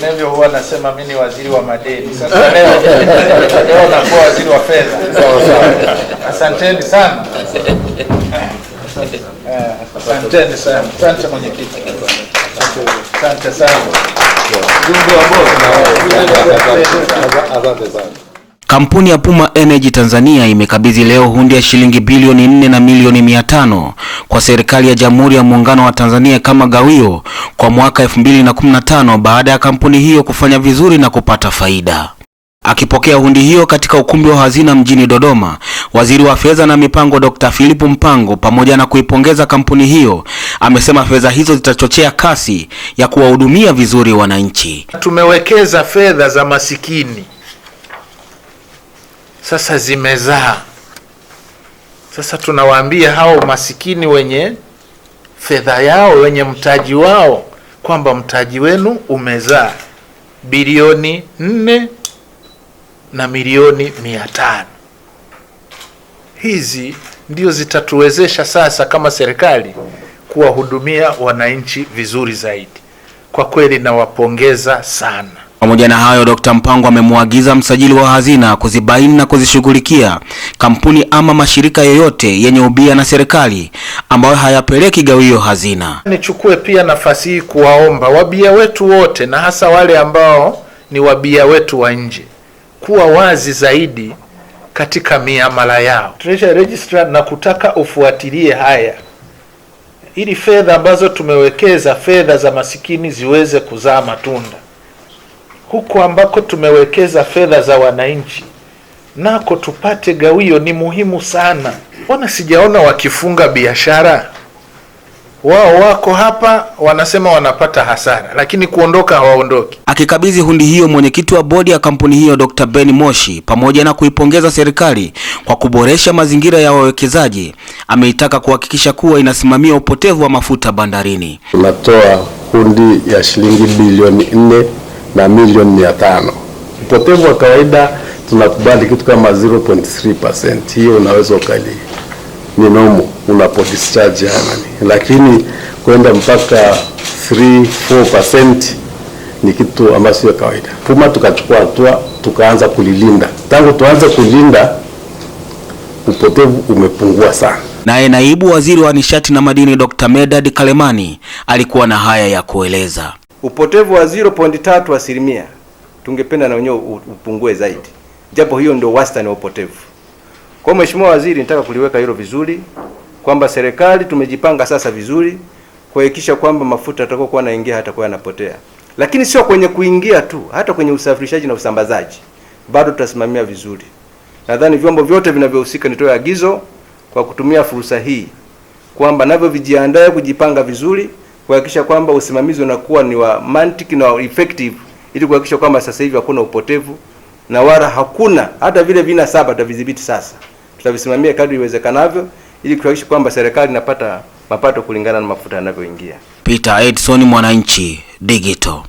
Vinginevyo huwa nasema mimi ni waziri wa madeni. Sasa leo leo nakuwa waziri wa fedha. Asanteni sana, asanteni sana, asante mwenyekiti, asante sana. Kampuni ya Puma Energy Tanzania imekabidhi leo hundi ya shilingi bilioni nne na milioni mia tano kwa serikali ya Jamhuri ya Muungano wa Tanzania kama gawio kwa mwaka 2015 baada ya kampuni hiyo kufanya vizuri na kupata faida. Akipokea hundi hiyo katika ukumbi wa hazina mjini Dodoma, Waziri wa Fedha na Mipango Dr. Philip Mpango, pamoja na kuipongeza kampuni hiyo, amesema fedha hizo zitachochea kasi ya kuwahudumia vizuri wananchi. Tumewekeza fedha za masikini sasa zimezaa. Sasa tunawaambia hao masikini wenye fedha yao, wenye mtaji wao kwamba mtaji wenu umezaa bilioni nne na milioni mia tano. Hizi ndio zitatuwezesha sasa kama serikali kuwahudumia wananchi vizuri zaidi. Kwa kweli nawapongeza sana. Pamoja na hayo, Dr. Mpango amemwagiza msajili wa hazina kuzibaini na kuzishughulikia kampuni ama mashirika yoyote yenye ubia na serikali ambayo hayapeleki gawio hazina. Nichukue pia nafasi hii kuwaomba wabia wetu wote na hasa wale ambao ni wabia wetu wa nje kuwa wazi zaidi katika miamala yao. Treasury Registrar, na kutaka ufuatilie haya ili fedha ambazo tumewekeza, fedha za masikini ziweze kuzaa matunda huko ambako tumewekeza fedha za wananchi nako tupate gawio, ni muhimu sana. Mbona sijaona wakifunga biashara? Wao wako hapa wanasema wanapata hasara, lakini kuondoka hawaondoki. Akikabidhi hundi hiyo mwenyekiti wa bodi ya kampuni hiyo Dr. Ben Moshi, pamoja na kuipongeza serikali kwa kuboresha mazingira ya wawekezaji, ameitaka kuhakikisha kuwa inasimamia upotevu wa mafuta bandarini. Tunatoa hundi ya shilingi bilioni nne na milioni mia tano. Upotevu wa kawaida tunakubali kitu kama 0.3%. Hiyo unaweza ukali ni nomo unapo discharge yani, lakini kwenda mpaka 3 4% ni kitu ambacho sio kawaida. Puma tukachukua hatua, tukaanza kulilinda. Tangu tuanze kulinda, upotevu umepungua sana. Naye naibu waziri wa nishati na madini Dr. Medad Kalemani alikuwa na haya ya kueleza upotevu wa 0.3 asilimia tungependa na wenyewe upungue zaidi, japo hiyo ndio wastani wa upotevu. Kwa Mheshimiwa Waziri, nataka kuliweka hilo vizuri kwamba serikali tumejipanga sasa vizuri kuhakikisha kwamba mafuta yatakayokuwa yanaingia hatakuwa yanapotea, lakini sio kwenye kuingia tu, hata kwenye usafirishaji na usambazaji bado tutasimamia vizuri. Nadhani vyombo vyote vinavyohusika, nitoe agizo kwa kutumia fursa hii kwamba navyo vijiandae kujipanga vizuri kuhakikisha kwamba usimamizi unakuwa ni wa mantiki na wa effective, ili kuhakikisha kwamba sasa hivi hakuna upotevu na wala hakuna hata vile vina saba tutavidhibiti sasa, tutavisimamia kadri iwezekanavyo ili kuhakikisha kwamba serikali inapata mapato kulingana na mafuta yanavyoingia. Peter Edson, Mwananchi Digital.